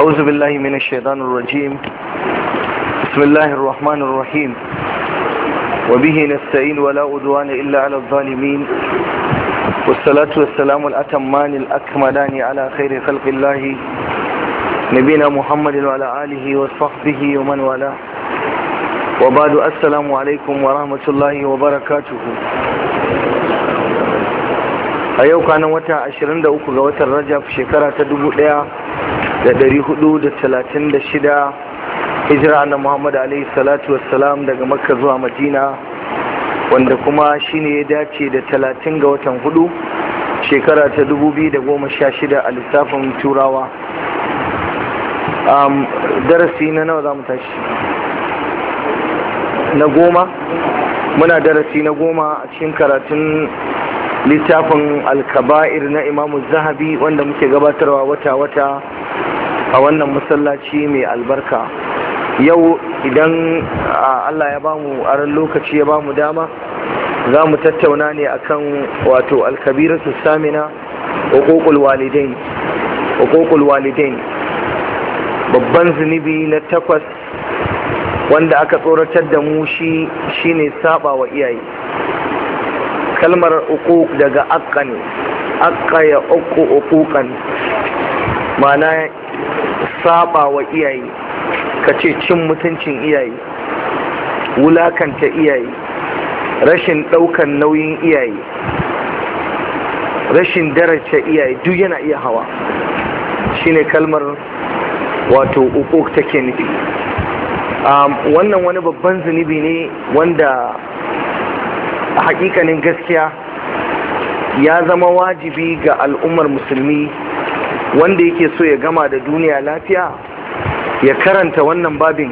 أعوذ بالله من الشيطان الرجيم بسم الله الرحمن الرحيم وبه نستعين ولا أدوان إلا على الظالمين والصلاة والسلام الأتمان الأكملان على خير خلق الله نبينا محمد وعلى آله وصحبه ومن والاه وبعد السلام عليكم ورحمة الله وبركاته a yau kanan wata 23 ga watan rajab shekara ta da dari hudu da talatin da shida hijira na muhammad alaihi salatu wassalam daga makka zuwa madina wanda kuma shine ya dace da talatin ga watan hudu shekara ta dubu biyu da goma sha shida a lissafin turawa darasi na nawa za mu tashi na goma muna darasi na goma a cikin karatun littafin alkaba'ir na imamu zahabi wanda muke gabatarwa wata-wata a wannan masallaci mai albarka yau idan Allah ya bamu aron lokaci ya bamu dama za mu tattauna ne akan wato su samina hukukul walidain babban zunubi na takwas wanda aka tsoratar da mu shi shine saba wa iyaye kalmar uku daga akka ne akka ya uku hukukan ma'ana saba wa iyaye ka ce cin mutuncin iyaye wulakanta iyaye rashin ɗaukan nauyin iyaye rashin daraja iyaye duk yana iya hawa shine kalmar wato uku take nufi wannan wani babban zunubi ne wanda a hakikanin gaskiya ya zama wajibi ga al'ummar musulmi wanda yake so ya gama da duniya lafiya ya karanta wannan babin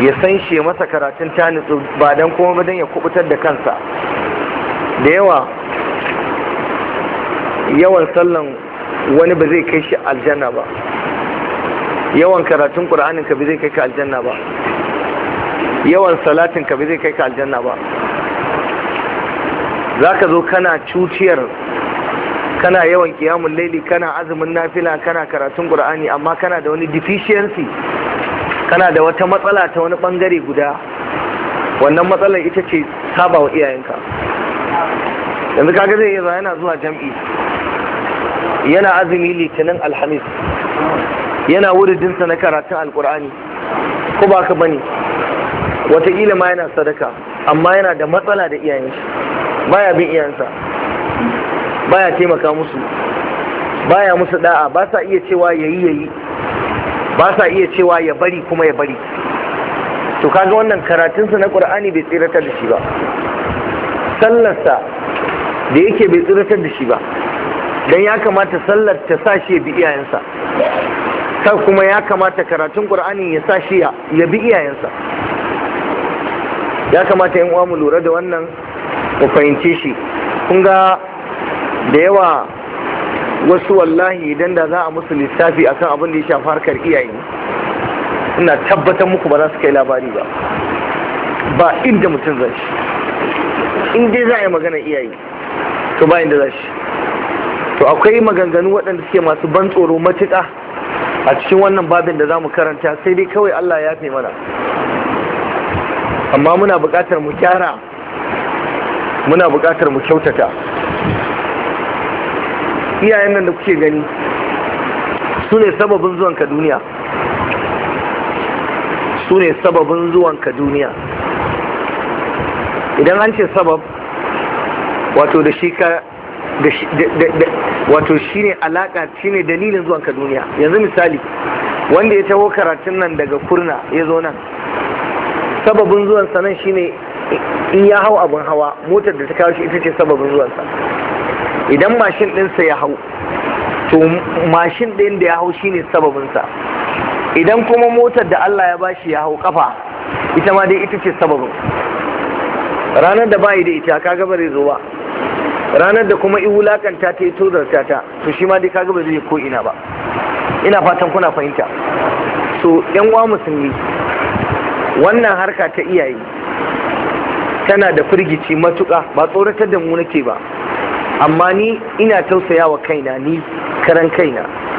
ya san shi masa karatun nutsu ba don kuma don ya kubutar da kansa da yawa yawan sallan wani ba zai kai shi aljanna ba yawan karatun ƙura'anin ka ba zai kai ka aljanna ba yawan salatin ka ba zai kai ka aljanna ba za ka zo kana cuciyar kana yawan kiyamun laili kana azumin nafila kana karatun qur'ani amma kana da wani deficiency kana da wata matsala ta wani bangare guda wannan matsalar ita ce saba wa iyayenka yanzu kaga zai yaza yana zuwa jam'i yana azumi litinin alhamis yana dinsa na karatun alkur'ani ko ba ka bane wataƙila ma yana sadaka amma yana da matsala da iyayensa baya bin iyayensa baya taimaka musu baya musu da'a ba sa iya cewa ya ya yayi ba sa iya cewa ya bari kuma ya bari to kaga wannan karatunsa na qur'ani bai tsiratar da shi ba sallarsa da yake bai tsiratar da shi ba dan ya kamata sallar ta sa shi bi iyayensa sai kuma ya kamata karatun qur'ani ya sa shi ya bi iyayensa ya kamata in uwa mu lura da wannan mu fahimce shi kun ga da yawa wasu wallahi idan da za a musu lissafi akan abin da ya shafi harkar iyaye ina tabbatar muku ba za su kai labari ba ba inda mutum zai shi in dai za a yi magana iyaye to ba inda zai shi to akwai maganganu waɗanda suke masu ban tsoro matuƙa a cikin wannan babin da za mu karanta sai dai kawai Allah ya fi mana amma muna buƙatar mu kyara muna buƙatar mu kyautata iyayen nan da kuke gani su ne sababin zuwanka duniya su ne sababin ka duniya idan an ce sabab wato da shi ka wato shi ne alaƙa shi ne dalilin zuwanka duniya yanzu misali wanda ya taho karatun nan daga kurna ya zo nan sababin zuwansa nan shi ne in ya hau abin hawa motar da ta kawo shi ita ce sababin zuwansa idan mashin ɗinsa ya hau to mashin ɗin da ya hau shine sababinsa idan kuma motar da Allah ya bashi ya hau kafa ita ma dai ita ce sababin ranar da bayi da ita kaga bare zo ba ranar da kuma iwulakanta ta yi tozarta ta to shi ma dai kaga ba zai ko ina ba ina fatan kuna fahimta so yan uwa musulmi wannan harka ta iyaye tana da firgici matuƙa ba tsoratar da mu nake ba amma ni ina tausaya wa kaina ni karan kaina